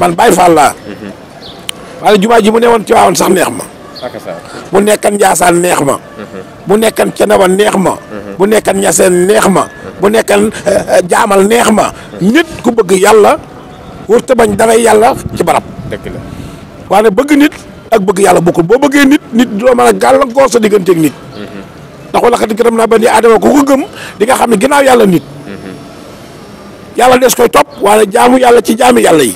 man baay Fall laa. Mhm. jumaa ji mu ne woon Tiwaawan sax neex ma. mu nekkan Njaasaan neex ma. mu mhm. nekkan Cenaba neex ma. mu mhm. nekkan Ñaseen neex ma. mu nekkan eh, eh, Jaamal neex ma. nit ku bëgg yàlla wërte bañ dara yàlla ci barab. dëgg la bëgg nit ak bëgg yàlla bokkul boo bëggee nit nit doo mën a gàllankoor sa digganteeg nit. ndax wala xati gërëm naa ba ni Adama ku ko gëm di nga xam ne ginnaaw yàlla nit. yàlla des koy topp waaye jaamu yàlla ci jaami yàlla yi.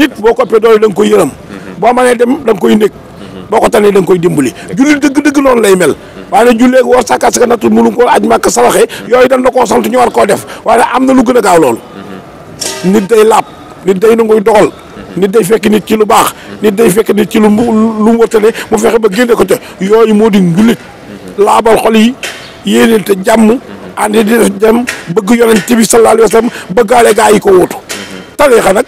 nit boo ko ëppee doole da nga koy yërëm mhm. boo mënee dem da nga koy nekk mhm. boo ko tanee da nga koy dimbali jullit dëgg-dëgg noonu lay mel mhm. waaye nag julleeg woor sàkka saka nattu mulu ko aj màkk saraxe yooyu dañ la koo sant ñu war koo def waaye am na lu gën a gaaw loolu nit day laab nit day nanguy doxal nit day fekk nit ci lu baax nit day fekk nit ci lu mu lu mu wërtane mu fexe ba génne ko te yooyu moo di njullit laabal xol yi yéeneen te jàmm ànd di def jàmm bëgg yonent bi sallallahu alayhi wa sallam bëggaale gaa ko wóotu taleexa nag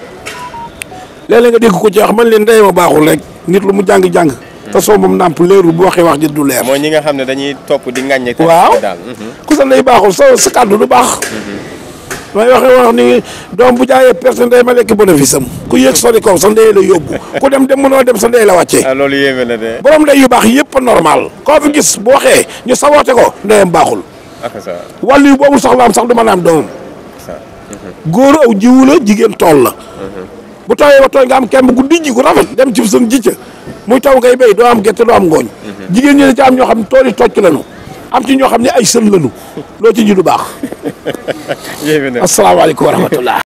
léeg-léeg nga dégg ko ci wax man leen ndey ma baaxul rek nit lu mu jàng jàng. te soo moom nàmp leerul bu waxee wax ji du leer. mooy ñi nga xam ne dañuy topp di ŋaññi. waaw mhm. ku sa ndey baaxul sa sa kàddu baax. Mhm. may waxee wax ni doom bu jaayee personne day ma lekk bénéfice am ku yéeg sori kaw sa ndey la yóbbu ku dem dem noo dem sa ndey la wàccee. Ah, loolu yéeme na de. borom ndey yu baax yëpp normal. koo fi gis bu waxee ñu sa saboote ko ndeyam baaxul. ak sa wàllu yu boobu soxlaam sax du mën a am doomam. Mhm. góor aw jiwu la jigéen tool la. bu tawee ba tooy nga am kemb gu dijji gu rafet dem ci suñu jicca muy taw ngay béy doo am gerte doo am ngooñ mhm. jigéen ñi ne ci am ñoo xam ne tool yi tocc lañu am ci ñoo xam ne ay sën lañu loo ci ji lu baax asalaamaaleykum wa rahmatullah